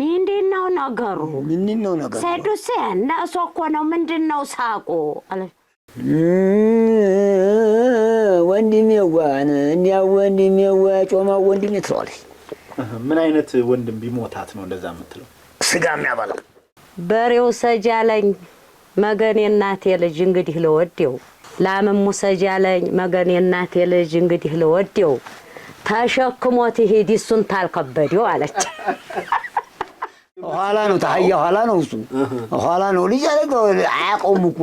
ምንድን ነው ነገሩ? ምንድን ነው ነገሩ? ሰዱሴን ነእሶ እኮ ነው። ምንድን ነው ሳቁ? እንዲያ እንዲያው ወንድሜዋ ጮማ ወንድሜ ትለዋለች። ምን አይነት ወንድም ቢሞታት ነው እንደዛ የምትለው? ስጋ የሚያበላ በሬው ሰጃለኝ መገኔ እናቴ ልጅ እንግዲህ ለወዴው ላምሙ ሰጃለኝ መገኔ እናቴ ልጅ እንግዲህ ለወዴው ተሸክሞት ሂድ እሱን ታልከበደው አለች። ኋላ ነው ታህያ ኋላ ነው እሱ ኋላ ነው ልጅ አደረገው። አያውቀውም እኮ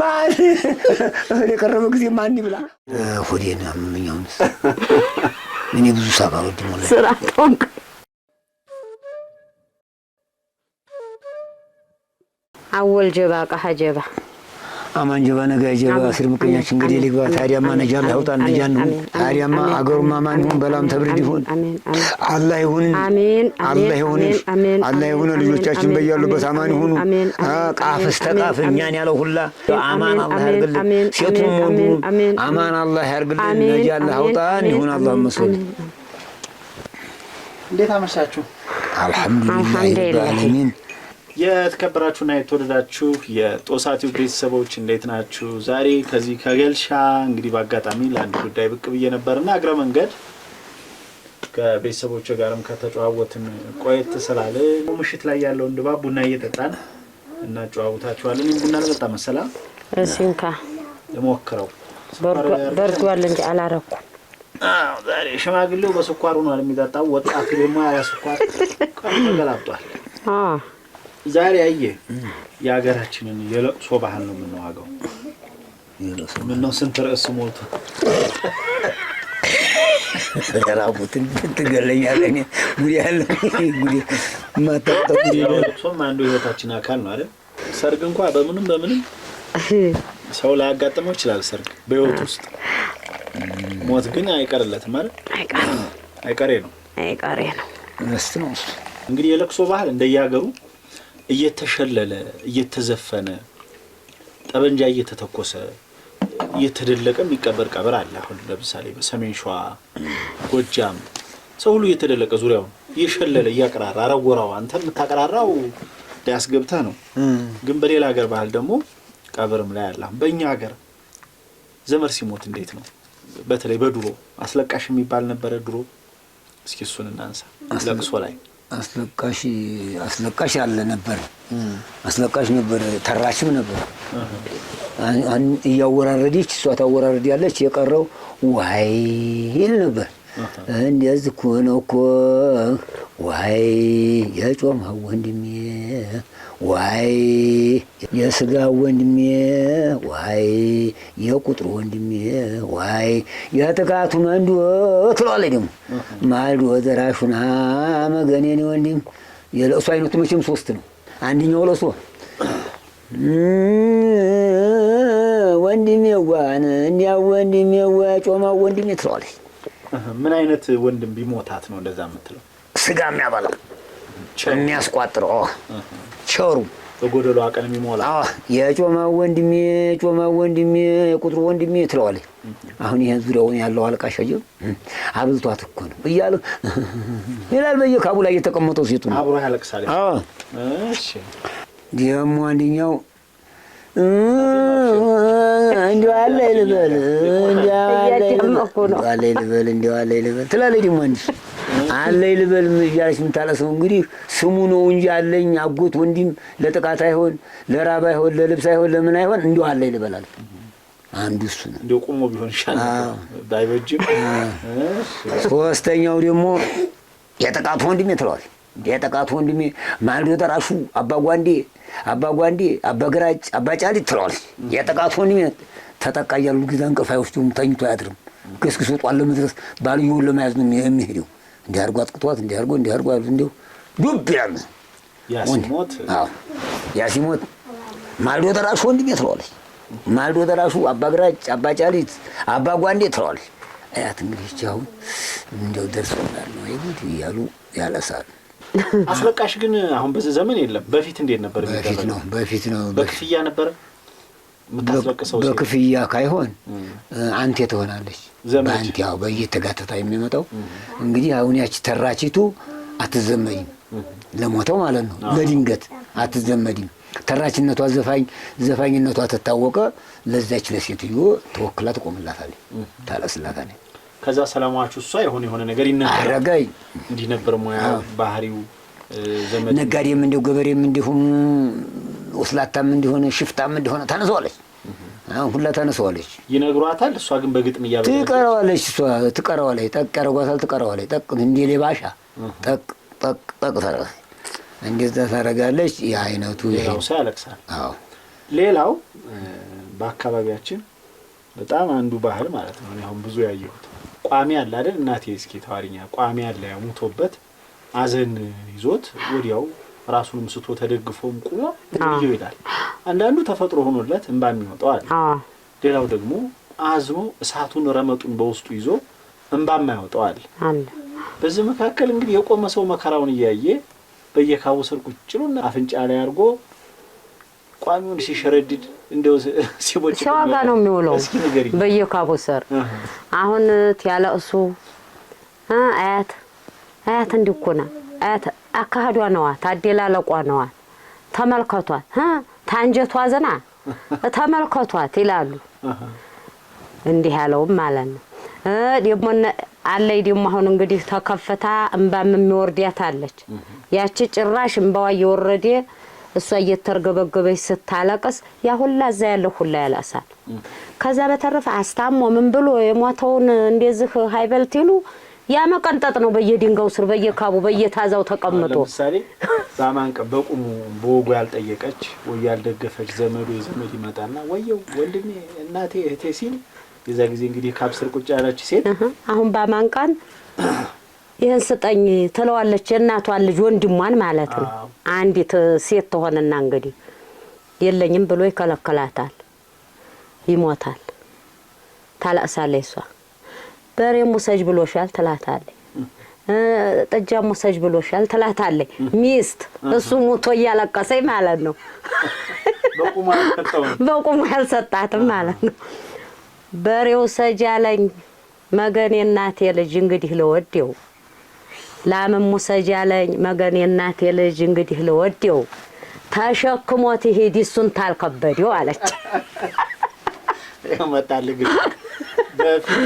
ማን የቀረበ ጊዜ ማን ይብላ? ሆዴን ምኛውን እኔ ብዙ ሳባ ወድ ስራ ጠንቅ አወል ጀባ ቀሀ ጀባ አማን ጀባ ነጋ ጀባ ስር ምቀኛች እንግዲህ ሊግባ ታዲያማ ነጃ ላይ አውጣን ነጃ ነው ታዲያማ አገሩማ ማን ይሁን በላም ተብርድ ይሁን አላህ ይሁን አሜን አላህ ይሁንን አላህ ይሁነ ልጆቻችን በያሉበት አማን ይሁኑ። ቃፍ እስተቃፍ እኛን ያለው ሁላ አማን አላህ ያርግልን። ሴቱም ወንዱም አማን አላህ ያርግልን። ነጃ ላይ አውጣን ይሁን አላህ መስሎኝ። እንዴት አመሻችሁ? አልሐምዱሊላህ ረብ ዓለሚን የተከበራችሁና የተወደዳችሁ የጦሳቲው ቤተሰቦች እንዴት ናችሁ? ዛሬ ከዚህ ከገልሻ እንግዲህ በአጋጣሚ ለአንድ ጉዳይ ብቅ ብዬ ነበርና እግረ መንገድ ከቤተሰቦች ጋርም ከተጨዋወትን ቆየት ስላለ ምሽት ላይ ያለውን ድባብ ቡና እየጠጣን እናጨዋውታችኋለን። ቡና ለጠጣ መሰላ እንካ የሞክረው በርዷል እንጂ አላረኩ ዛሬ ሽማግሌው በስኳር ሆኗል የሚጠጣው፣ ወጣት ደግሞ ያ ስኳር ቀኑ ተገላብጧል። ዛሬ አየህ የሀገራችንን የለቅሶ ባህል ነው የምንዋገው። ምነው ስንት ርዕስ ሞቱ ራቡትን ትገለኛለህ። ጉድ ያለ ማታጠቁም አንዱ ህይወታችን አካል ነው አይደል? ሰርግ እንኳ በምንም በምንም ሰው ላያጋጥመው ይችላል። ሰርግ በህይወት ውስጥ ሞት ግን አይቀርለትም አይደል? አይቀሬ ነው አይቀሬ ነው ነው እንግዲህ የለቅሶ ባህል እንደየሀገሩ እየተሸለለ እየተዘፈነ ጠበንጃ እየተተኮሰ እየተደለቀ የሚቀበር ቀብር አለ። አሁን ለምሳሌ በሰሜን ሸዋ፣ ጎጃም ሰው ሁሉ እየተደለቀ ዙሪያውን እየሸለለ እያቀራራ አረጎራው አንተ የምታቀራራው ያስገብተ ነው። ግን በሌላ ሀገር ባህል ደግሞ ቀብርም ላይ አለ። በእኛ ሀገር ዘመድ ሲሞት እንዴት ነው? በተለይ በድሮ አስለቃሽ የሚባል ነበረ ድሮ። እስኪ እሱን እናንሳ ለቅሶ ላይ አስለቃሽ አስለቃሽ አለ ነበር። አስለቃሽ ነበር፣ ተራችም ነበር። እያወራረደች እሷ ታወራረድ ያለች የቀረው ዋይ ይል ነበር። እንደዚህ እኮ ነው እኮ ዋይ የጮማ ወንድሜ ዋይ የስጋ ወንድሜ ዋይ የቁጥር ወንድሜ ዋይ የጥቃቱ መንዶ ትለዋለች። ደግሞ ማልዶ ዘራሹና መገኔኔ ወንድም የለእሱ አይነቱ መቼም ሶስት ነው። አንደኛው ወንድሜ ዋን እንዲያ ዋ ጮማ ወንድሜ ትለዋለች። ምን አይነት ወንድም ቢሞታት ነው እንደዛ የምትለው? ስጋ የሚያበላ የሚያስቋጥረው ቸሩ በጎደሎ አቀን የሚሞላ የጮማ ወንድሜ የጮማ ወንድሜ የቁጥሩ ወንድሜ ትለዋለች። አሁን ይህን ዙሪያውን ያለው አለቃ ሸየ አብልቷት እኮ ነው እያለ ይላል። በየካቡ ላይ የተቀመጠው ሴቱ ነው አብሮ ያለቅሳል። ደግሞ አንደኛው እንዲያው አለ ይልበል እንዲያው አለ ይልበል ትላለች ደግሞ አንዲሽ አለኝ ልበል እያለች የምታለቅሰው እንግዲህ ስሙ ነው እንጂ አለኝ አጎት ወንድም ለጥቃት አይሆን ለራብ አይሆን ለልብስ አይሆን ለምን አይሆን እንዲሁ አለኝ ልበል አንዱ እሱ ነው። እንዲሁ ቁሞ ቢሆን ይሻላል ባይበጅም። ሶስተኛው ደግሞ የጥቃቱ ወንድሜ ትለዋል። የጥቃቱ ወንድሜ ማልዶ ተራሹ አባ ጓንዴ፣ አባ ጓንዴ፣ አባ ግራጭ፣ አባ ጫሊት ትለዋል። የጥቃቱ ወንድሜ ተጠቃ እያሉ ጊዜ እንቅልፍ አይወስዱም፣ ተኝቶ አያድርም። ገስግሶ ጧን ለመድረስ ባልየውን ለመያዝ ነው የሚሄደው እንዲያርጉ አጥቅቷት እንዲያርጉ እንዲያርጉ አሉ። እንዲሁ ዱብ ያለ ያ ሲሞት ማልዶ ደራሹ ወንድሜ ትለዋለች። ማልዶ ደራሹ አባ ግራጭ፣ አባ ጫሊት፣ አባ ጓንዴ ትለዋለች። አያት እንግዲህ ይህች እንደው እንዲያው ደርሶናል ነው ይሄ እያሉ ያለሳሉ። አስለቃሽ ግን አሁን በዚህ ዘመን የለም። በፊት እንዴት ነበር? በፊት ነው በፊት ነው በክፍያ ነበር በክፍያ ካይሆን አንቴ ትሆናለች። በአንቴ ያው በየተጋተታ የሚመጣው እንግዲህ አሁን ያች ተራቺቱ አትዘመድም፣ ለሞተው ማለት ነው። ለድንገት አትዘመድም። ተራችነቷ ዘፋኝ ዘፋኝነቷ ተታወቀ። ለዛች ለሴትዮ ተወክላ ትቆምላታለ ታለስላታ ከዛ ሰላማችሁ እሷ የሆነ የሆነ ነገር ይነረጋይ እንዲህ ነበር ሙያ ባህሪው ነጋዴም እንዲሁ ገበሬም እንዲሁም ወስላታም እንዲሆነ ሽፍታም እንዲሆነ ተነሰዋለች። አሁን ሁላ ተነሰዋለች። ይነግሯታል። እሷ ግን በግጥም እያ ትቀረዋለች። እሷ ትቀረዋለች። ጠቅ ያደርጓታል። ትቀረዋለች። ጠቅ እንዲ ሌባሻ ጠቅ ጠቅ ጠቅ ተረፈ እንደዛ ታደርጋለች። የአይነቱ ሰው ያለቅሳል። አዎ ሌላው በአካባቢያችን በጣም አንዱ ባህል ማለት ነው። አሁን ብዙ ያየሁት ቋሚ አለ አይደል? እናቴ እስኪ ተዋሪኛ ቋሚ አለ ያው ሙቶበት አዘን ይዞት ወዲያው ራሱንም ስቶ ተደግፎም ቁሞ ይው ይላል። አንዳንዱ ተፈጥሮ ሆኖለት እንባ የሚወጣው አለ። ሌላው ደግሞ አዝኖ እሳቱን ረመጡን በውስጡ ይዞ እንባ የማያወጣው አለ። በዚህ መካከል እንግዲህ የቆመ ሰው መከራውን እያየ በየካቡ ስር ቁጭ አፍንጫ ላይ አድርጎ ቋሚውን ሲሸረድድ እንደው ሲቦጭ ነው የሚውለው በየካቡ ስር አሁን እሱ አያት አያት እንዲህ እኮ ናት። አያት አካሂዷ ነዋ፣ ታደላለቋ ነዋ። ተመልከቷት፣ ታንጀቷ ዝና ተመልከቷት ይላሉ። እንዲህ ያለውም ማለት ነው። ደግሞ አለይ ደግሞ አሁን እንግዲህ ተከፍታ እንባም የሚወርዳት አለች። ያቺ ጭራሽ እንባዋ እየወረደ እሷ እየተርገበገበች ስታለቅስ ያሁላ ሁላ እዛ ያለው ሁላ ያላሳል። ከዛ በተረፈ አስታሞ ምን ብሎ የሞተውን እንደዚህ ሀይበልት ይሉ ያ መቀንጠጥ ነው። በየድንጋው ስር በየካቡ በየታዛው ተቀምጦ ለምሳሌ በማንቀ በቁሙ በወጉ ያልጠየቀች ወይ ያልደገፈች ዘመዱ የዘመድ ይመጣና ወየው ወንድሜ፣ እናቴ፣ እህቴ ሲል የዛ ጊዜ እንግዲህ ካብ ስር ቁጭ ያለች ሴት አሁን በማንቃን ይህን ስጠኝ ትለዋለች። የእናቷን ልጅ ወንድሟን ማለት ነው። አንዲት ሴት ትሆንና እንግዲህ የለኝም ብሎ ይከለከላታል። ይሞታል። ታላቅሳለች እሷ በሬ ሙሰጅ ብሎሻል ትላታለች። ጥጃ ሙሰጅ ብሎሻል ትላታለች። ሚስት እሱ ሙቶ እያለቀሰኝ ማለት ነው። በቁሙ ያልሰጣትም ማለት ነው። በሬው ሰጅ አለኝ መገኔ እናቴ ልጅ እንግዲህ ለወዴው ላምም ሙሰጅ አለኝ መገኔ እናቴ ልጅ እንግዲህ ለወዴው ተሸክሞት ይሄድ እሱን ታልከበደው አለች። መጣል ግን በፊት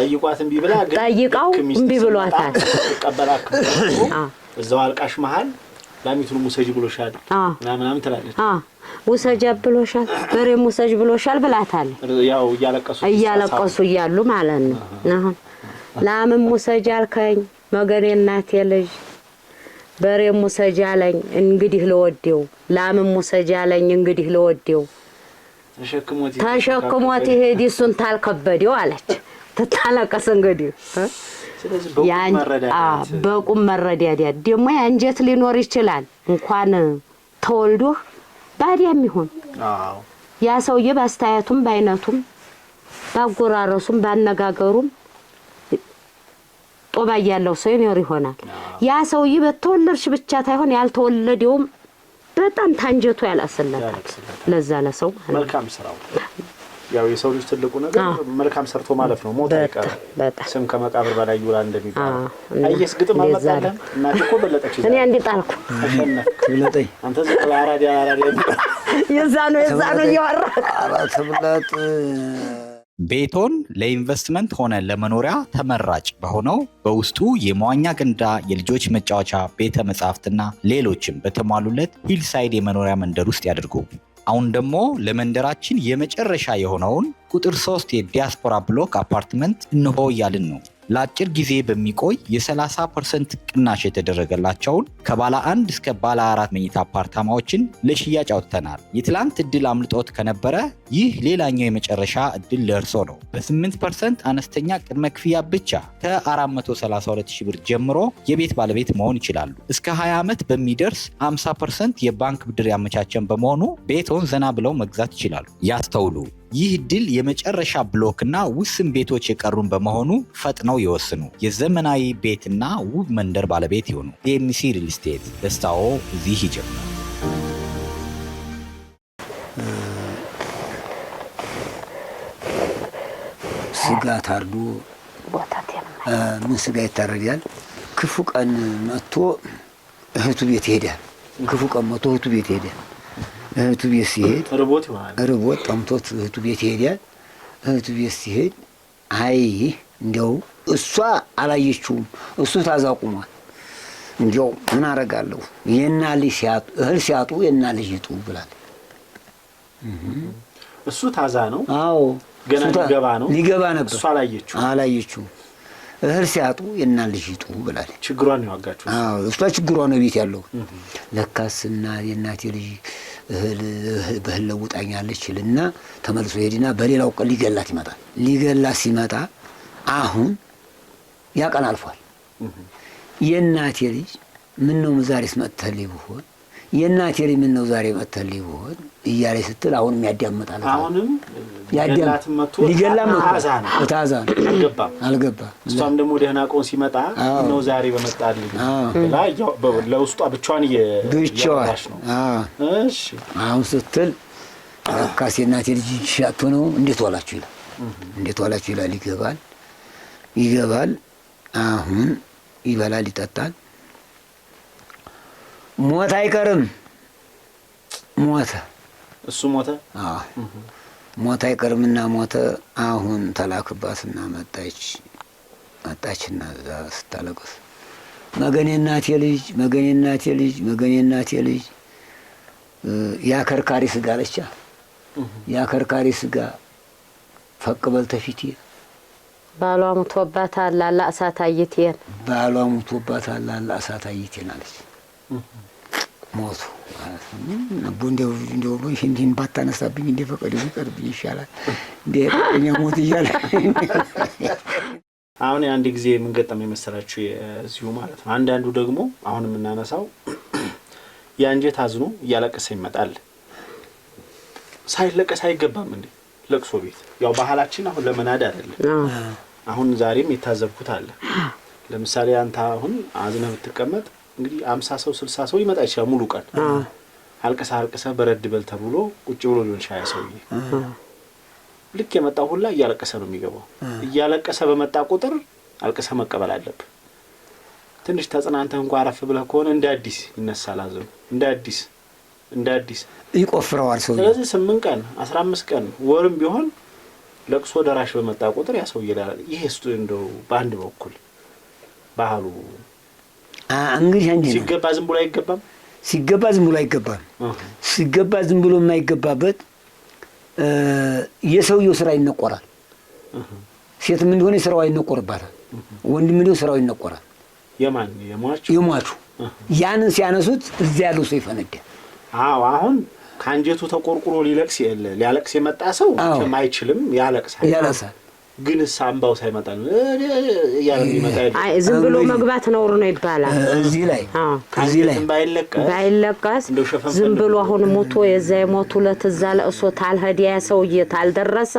ጠይቋት እምቢ ብላ ጠይቃው እምቢ ብሏታል። ቀበላክ እዛው አልቃሽ መሀል ላሚቱን ሙሰጅ ብሎሻል ምናምን ትላለች። ውሰጃ ብሎሻል፣ በሬ ሙሰጅ ብሎሻል ብላታል። ያው እያለቀሱ እያለቀሱ እያሉ ማለት ነው። አሁን ላምን ሙሰጅ አልከኝ መገኔ እናቴ ልጅ በሬ ሙሰጅ አለኝ እንግዲህ ልወደው፣ ላምን ሙሰጅ አለኝ እንግዲህ ልወደው ተሸክሞት ይሄድ እሱን ታልከበደው አለች። ትታለቀስ እንግዲህ በቁም መረዳዳ ደግሞ የአንጀት ሊኖር ይችላል። እንኳን ተወልዶ ባዲያም ይሁን ያ ሰውዬ በአስተያየቱም፣ በአይነቱም፣ ባጎራረሱም፣ ባነጋገሩም ጦባ ያለው ሰው ይኖር ይሆናል። ያ ሰውዬ በተወለድሽ ብቻ ታይሆን ያልተወለደውም በጣም ታንጀቱ ያላስለታል ለዛ ለሰው መልካም ስራው ያው የሰው ልጅ ትልቁ ነገር መልካም ሰርቶ ማለፍ ነው። ሞት አይቀር ስም ከመቃብር በላይ ይውላል እንደሚባል አየስ ግጥም አመጣለን እና እኮ በለጠች እኔ አንድ ጣልኩ ትብለጠኝ አንተ ዝም ብለህ አራዲያ አራዳ የዛ ነው የዛ ነው እያወራ አራት ብለጥ ቤቶን ለኢንቨስትመንት ሆነ ለመኖሪያ ተመራጭ በሆነው በውስጡ የመዋኛ ገንዳ፣ የልጆች መጫወቻ፣ ቤተ መጻሕፍትና ሌሎችም በተሟሉለት ሂልሳይድ የመኖሪያ መንደር ውስጥ ያድርጉ። አሁን ደግሞ ለመንደራችን የመጨረሻ የሆነውን ቁጥር ሶስት የዲያስፖራ ብሎክ አፓርትመንት እንሆ እያልን ነው። ለአጭር ጊዜ በሚቆይ የ30 ፐርሰንት ቅናሽ የተደረገላቸውን ከባለ አንድ እስከ ባለ አራት መኝታ አፓርታማዎችን ለሽያጭ አውጥተናል። የትላንት እድል አምልጦት ከነበረ ይህ ሌላኛው የመጨረሻ እድል ለእርሶ ነው። በ8 ፐርሰንት አነስተኛ ቅድመ ክፍያ ብቻ ከ432 ብር ጀምሮ የቤት ባለቤት መሆን ይችላሉ። እስከ 20 ዓመት በሚደርስ 50 ፐርሰንት የባንክ ብድር ያመቻቸን በመሆኑ ቤቶን ዘና ብለው መግዛት ይችላሉ። ያስተውሉ ይህ ድል የመጨረሻ ብሎክና ውስን ቤቶች የቀሩን በመሆኑ ፈጥነው ይወስኑ። የዘመናዊ ቤትና ውብ መንደር ባለቤት ይሆኑ። ዲኤምሲ ሪል ስቴት ደስታዎ እዚህ ይጀምራል። ስጋ ታርዶ ምን ስጋ ይታረዳል? ክፉ ቀን መጥቶ እህቱ ቤት ይሄዳል። ክፉ ቀን መጥቶ እህቱ ቤት ይሄዳል። እህቱ ቤት ሲሄድ ርቦት ጠምቶት እህቱ ቤት ይሄዳል። እህቱ ቤት ሲሄድ አይ እንዲያው እሷ አላየችውም፣ እሱ ታዛ ቁሟል። እንዲያው ምን አረጋለሁ የና ልጅ ሲያጡ እህል ሲያጡ የና ልጅ ይጡ ብላል። እሱ ታዛ ነው። አዎ ገና ሊገባ ነው ሊገባ ነበር። እሷ አላየችው አላየችው እህል ሲያጡ የና ልጅ ይጡ ብላል። ችግሯ ነው ያጋችሁ። እሷ ችግሯ ነው ቤት ያለው ለካስና የእናቴ ልጅ እህል በእህል ለውጣኛለች ይልና ተመልሶ ሄድና በሌላው ቀን ሊገላት ይመጣል። ሊገላት ሲመጣ አሁን ያቀን አልፏል። የእናቴ ልጅ ምን ነው ዛሬስ መጥተህልኝ ብሆን የእናቴ ምን ነው ዛሬ መተል ይሆን እያለ ስትል አሁንም ያዳምጣል። አሁንም ሊገላ ታዛ አልገባ። እሷም ደግሞ ደህና ቆን ሲመጣ ነው ዛሬ በመጣልኝ ለውስጧ ብቻዋን ብቻዋን አሁን ስትል ካሴ እናቴ ልጅ ሻቶ ነው እንዴት ዋላችሁ ይላል። እንዴት ዋላችሁ ይላል። ይገባል ይገባል። አሁን ይበላል ይጠጣል። ሞት አይቀርም። ሞተ እሱ ሞተ። ሞት አይቀርምና ሞተ። አሁን ተላክባትና መጣች መጣችና እዛ ስታለቅስ መገኔ እናቴ ልጅ መገኔ እናቴ ልጅ መገኔ እናቴ ልጅ ያከርካሪ ስጋ አለቻ። ያከርካሪ ስጋ ፈቅ በል ተፊቴ ባሏ ሙቶባታል ላላ እሳት አይቴን ባሏ ሙቶባታል ላላ እሳት አይቴን አለች። ሞቱ ማለት ባታነሳብኝ እንደ ፈቀደ ቢቀርብኝ ይሻላል እንደ እኛ ሞት እያለ አሁን አንድ ጊዜ የምንገጠም የመሰላችሁ የዚሁ ማለት ነው። አንዳንዱ ደግሞ አሁን የምናነሳው የአንጀት አዝኖ እያለቀሰ ይመጣል። ሳይለቀስ አይገባም እንዴ ለቅሶ ቤት? ያው ባህላችን አሁን ለመናድ አደለ አሁን ዛሬም የታዘብኩት አለ። ለምሳሌ አንተ አሁን አዝነ ብትቀመጥ እንግዲህ አምሳ ሰው ስልሳ ሰው ይመጣ ይችላል። ሙሉ ቀን አልቅሰ አልቅሰ በረድ በል ተብሎ ቁጭ ብሎ ሊሆን ሻያ ሰውዬ ልክ የመጣው ሁላ እያለቀሰ ነው የሚገባው። እያለቀሰ በመጣ ቁጥር አልቅሰ መቀበል አለብ። ትንሽ ተጽናንተ እንኳ አረፍ ብለህ ከሆነ እንደ አዲስ ይነሳል አዘኑ እንደ አዲስ እንደ አዲስ ይቆፍረዋል ሰው። ስለዚህ ስምንት ቀን አስራ አምስት ቀን ወርም ቢሆን ለቅሶ ደራሽ በመጣ ቁጥር ያ ሰው ይላል። እንደው በአንድ በኩል ባህሉ እንግዲህ አንድ ሲገባ ዝም ብሎ አይገባም። ሲገባ ዝም ብሎ አይገባም። ሲገባ ዝም ብሎ የማይገባበት የሰውየው ስራ ይነቆራል። ሴትም እንደሆነ ስራዋ ይነቆርባታል። ወንድም እንደሆነ ስራው ይነቆራል። የማን የሟቹ ያንን ሲያነሱት እዚ ያለው ሰው ይፈነዳል። አዎ አሁን ከአንጀቱ ተቆርቁሮ ሊለቅስ ሊያለቅስ የመጣ ሰው አይችልም፣ ያለቅሳል ያለቅሳል ግን ሳምባው ሳይመጣ ነው። ዝም ብሎ መግባት ነውር ነው ይባላል። እዚህ ላይ እዚህ ላይ ባይለቀስ ዝም ብሎ አሁን ሞቶ የዛ የሞት ሁለት እዛ ለእሶ ታልሄደ ያ ሰውዬ ታልደረሰ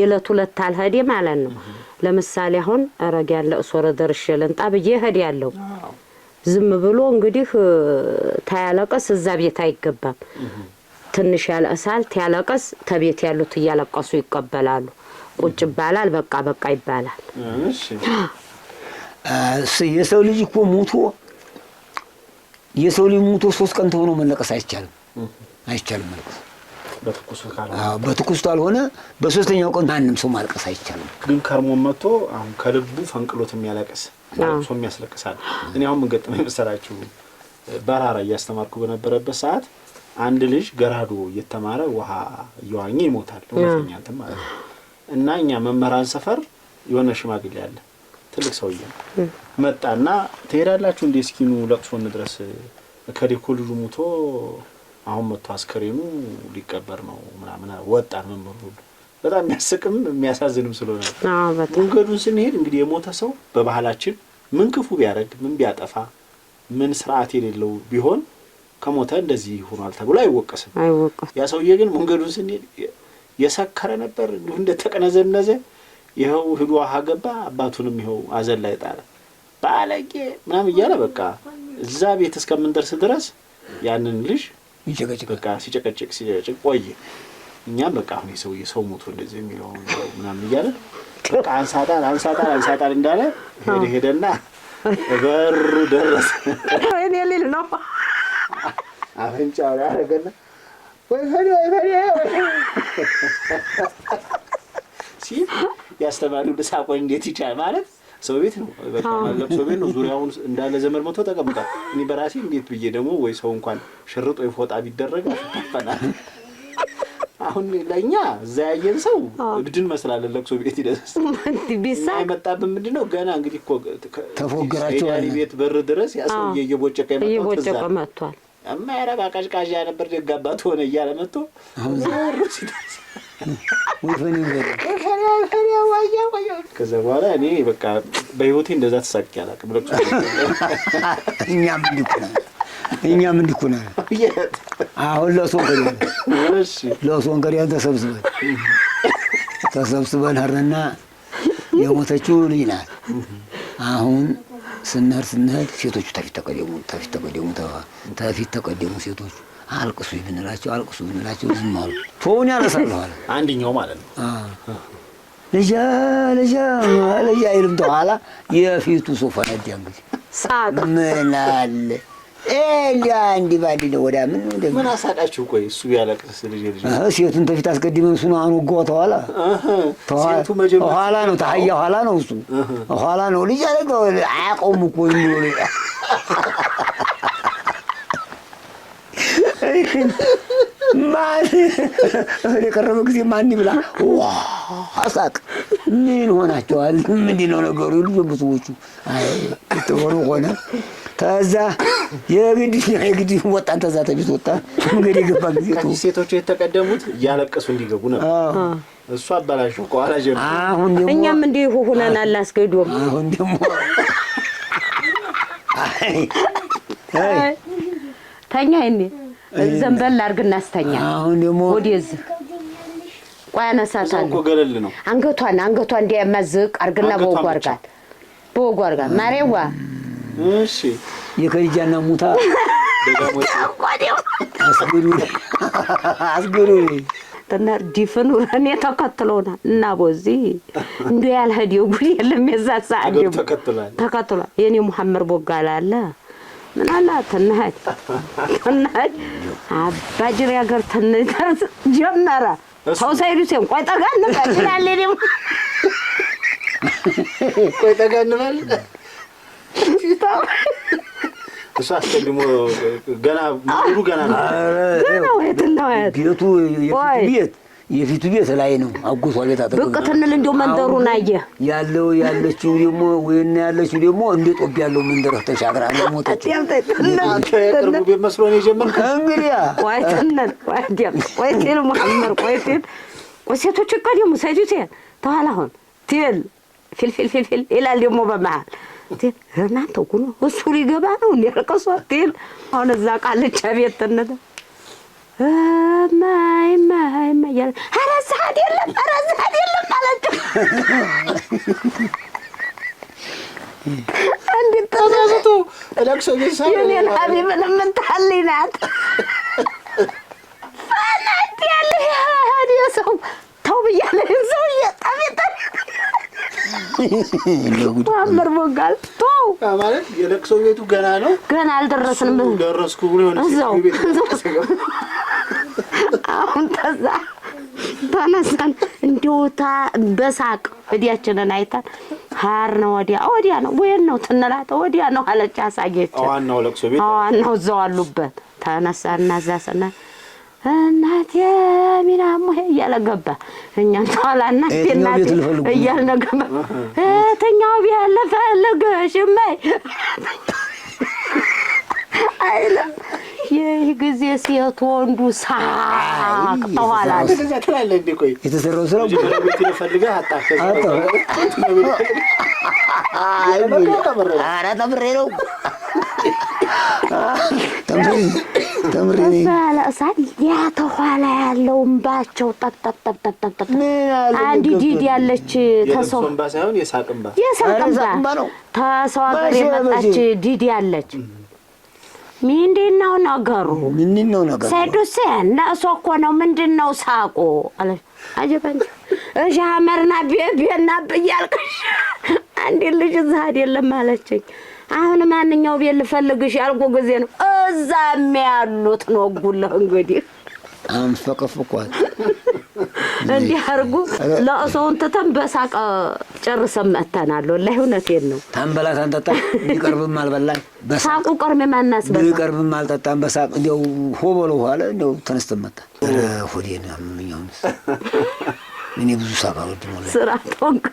የዕለት ሁለት ታልሄደ ማለት ነው። ለምሳሌ አሁን ረግ ያለ እሶ ረደርሽ ልንጣ ብዬ ሄድ ያለው ዝም ብሎ እንግዲህ ታያለቀስ እዛ ቤት አይገባም። ትንሽ ያለእሳል ታያለቀስ ተቤት ያሉት እያለቀሱ ይቀበላሉ። ቁጭ ይባላል። በቃ በቃ ይባላል። የሰው ልጅ እኮ ሞቶ የሰው ልጅ ሞቶ ሶስት ቀን ተሆኖ መለቀስ አይቻልም፣ አይቻልም መለቀስ በትኩስ ካልሆነ በሶስተኛው ቀን ማንም ሰው ማልቀስ አይቻልም። ግን ከርሞ መጥቶ አሁን ከልቡ ፈንቅሎት የሚያለቅስ ሰው የሚያስለቅሳል። እኔ አሁን ምንገጥመ የመሰላችሁ በራራ እያስተማርኩ በነበረበት ሰዓት አንድ ልጅ ገራዶ እየተማረ ውሃ እየዋኘ ይሞታል። እውነተኛ እንትን ማለት ነው እና እኛ መምህራን ሰፈር የሆነ ሽማግሌ አለ፣ ትልቅ ሰውዬ መጣና ትሄዳላችሁ እንዴ እስኪኑ ለቅሶ እንድረስ ከዴኮ ልጁ ሙቶ አሁን መጥቶ አስከሬኑ ሊቀበር ነው ምናምን ወጣን። መምህር ሁሉ በጣም የሚያስቅም የሚያሳዝንም ስለሆነ መንገዱን ስንሄድ እንግዲህ የሞተ ሰው በባህላችን ምን ክፉ ቢያደርግ ምን ቢያጠፋ ምን ስርዓት የሌለው ቢሆን ከሞተ እንደዚህ ሆኗል ተብሎ አይወቀስም። ያ ሰውዬ ግን መንገዱን ስንሄድ የሰከረ ነበር እንዲሁ እንደተቀነዘነዘ ይኸው ህዱ ውሃ ገባ፣ አባቱንም ይኸው አዘን ላይ ጣለ። ባለጌ ምናምን እያለ በቃ እዛ ቤት እስከምንደርስ ድረስ ያንን ልጅ በቃ ሲጨቀጭቅ ሲጨቀጭቅ ቆየ። እኛም በቃ አሁን የሰውዬ የሰው ሞቶ እንደዚህ የሚለው ምናምን እያለ በቃ አንሳጣል አንሳጣል አንሳጣል እንዳለ ሄደ ሄደና በሩ ደረሰ። እኔ ሌል ነው አፍንጫ ያደረገና ወይፈኔ ወይፈኔ ሲል ያስተማሪው ልሳቆኝ እንዴት ይቻል ማለት ሰው ቤት ነው፣ ሰው ቤት ነው። ዙሪያውን እንዳለ ዘመድ መቶ ተቀምጧል። እኔ በራሴ እንዴት ብዬ ደግሞ ወይ ሰው እንኳን ሽርጦ ፎጣ ቢደረግ አሁን ለእኛ እዛ ያየን ሰው እብድን መስላለን። ለቅሶ ቤት የመጣብን ምንድን ነው ገና እንግዲህ ቤት በር ድረስ ያ እየቦጨቀ መጥቷል። የማያረባ ቀዥቃዥ ነበር ደጋባት ሆነ እያለ መጥቶ ከዛ በኋላ እኔ በቃ በህይወቴ እንደዛ ተሳቅ ያላቅ ለ እኛ እንዲኩና እኛም እንዲኩና አሁን ለእሱ ወንገድ ለእሱ ወንገድ ተሰብስበን ተሰብስበን ሄድንና የሞተችው ልጅ ናት አሁን ስንሄድ ስንሄድ ሴቶቹ ተፊት ተቀደሙ፣ ተፊት ተቀደሙ፣ ተፊት ተቀደሙ ሴቶቹ አልቅሱ ብንላቸው አልቅሱ ብንላቸው ዝም አሉ። ቶውን ያነሳሉ አለ ማለት ነው። ልጃ ልጃ ልጃ ይልም ተኋላ የፊቱ ሶፋ ነዲያ እንግዲህ ምን አለ እንዲህ ባል ነው። ወዳ ምን ምን አሳቃችሁ? ቆይ እሱ ያለቅስ ልጅ ልጅ ሴቱን ተፊት አስቀድመን እሱ ነው አንጎ ተኋላ ኋላ ነው ታህያ ኋላ ነው እሱ ኋላ ነው ልጅ አለቀ። አያውቀውም እኮ ማን የቀረበ ጊዜ ማን ይብላ? ዋ አሳቅ ምን ሆናቸዋል? ምንድን ነው ነገሩ? ይሉ ብዙዎቹ አይ ሆነ ከዛ የግድና የግድ ወጣን። ተዛ ተቤት ወጣ መንገድ የገባ ጊዜ ሴቶቹ የተቀደሙት እያለቀሱ እንዲገቡ ነው። እሱ አባላሽ ከኋላ ጀምሮ አሁን ደግሞ እኛም እንዲህ ሆነን አላስገዶም። አሁን ደግሞ ተኛ እኔ ዘንበል አድርግና አስተኛ። አሁን ደግሞ ወደዚህ ቆይ አነሳታለሁ። ገለል ነው አንገቷን አንገቷን እንዲያማዝቅ አርግና በወጉ አድርጋት፣ በወጉ አድርጋት ማሬዋ እሺ የከዲጃና ሙታ አስገሩ ተናር ዲፍን ረኔ ተከትሎናል እና ቦዚ እንደ ያልሄድ ጉድ የለም። የዛ ሰዓት ተከትሏል። የኔ ሙሐመድ ቦጋላ አለ ምን አላ ተናህ ተናህ አባጅር ያገር ተነተርስ ጀመረ ሰው ሳይዱ ሲን ቆይ ጠጋ እንበል ይላል። ቆይ ጠጋ እንበል እሱ አስቀድሞ ገና ምሩ ገና ነው ቤቱ ቤት የፊቱ ቤት ላይ ነው። አጎቷ ቤት አጠገብ ብቅ ትንል እንዲያው መንደሩን አየ ያለው ያለችው ደግሞ ወይና ያለችው ደግሞ እንደ ጦብ ያለው መንደር ተሻግራ ነው ሞተችው። ቆይ ቆይ ቆይ ትል ይላል ደግሞ በመሀል እናንተ እኮ ነው እሱ ሊገባ ነው እንዲያልቀሱ አትል አሁን እዛ ቃልቻ ቤት ተነተ ማይ ማይ ማይ ያለ ኧረ ዛድ የለም ኧረ ዛድ የለም አለችው። እንዴት ተሳስቶ ለቅሶ ቤሳ የኔን ሀቢብን የምታልኝ ናት ፈናት ያለ ያህድ የሰው ተው ብያለሁ። ሰው ጠፊ ማምር ቦጋል ተው ማለት የለቅሶ ቤቱ ገና ነው፣ ገና አልደረስንም። ደረስኩ ብሎ የሆነ እዛው አሁን ተዛ ተነሳን እንዲውታ በሳቅ ወዲያችንን አይታን ሀር ነው ወዲያ ወዲያ ነው ወይን ነው ትንላተ ወዲያ ነው አለች አሳየች። ዋናው ለቅሶ ቤት ዋናው እዛው አሉበት። ተነሳና እዛ ስና እናቴ ሚናሞ እያለ ገባ። እኛን ኋላና እናቴ እያልን ገባ። እህትኛው ቢያለ ፈልግ ሽመይ አይለም። ይህ ጊዜ ሴት ወንዱ ሳቅ ተኋላ የተሰራው ስራ ኧረ ተምሬ ነው ተምሪ ሰዓት ያ ተኋላ ያለው እምባቸው ጠጠጠጠጠጠ አንድ ዲድ ያለች ተሰው የሳቅ እምባ ተሰው ሀገር የመጣች ዲድ ያለች ምንድን ነው ነገሩ? ምንድን ነው ነገሩ? ሰዱሴ ነእሶ እኮ ነው። ምንድን ነው ሳቁ? አጀባን እሺ፣ ሀመርና ቤቤና ብያልቅሽ አንድ ልጅ እዛ አይደለም አለችኝ። አሁን ማንኛው ቤት ልፈልግሽ ያልኩ ጊዜ ነው። እዛ የሚያሉት ነው ጉልህ እንግዲህ አንፈቅፍቋል እንዲህ አርጉ ለእሶውን ትተን በሳቀ ጨርሰን መጥተናል። ወላሂ እውነቴን ነው። ታንበላ ታንጠጣ ቢቀርብም አልበላን በሳቁ ቀርሜ ማናስበላ ቢቀርብም አልጠጣም በሳቅ እንዲው ሆበሎ ኋለ እንዲው ተነስተ መጣ ሆዴን ምኛውን እኔ ብዙ ሳቃ አልወድም ስራ ቶንክ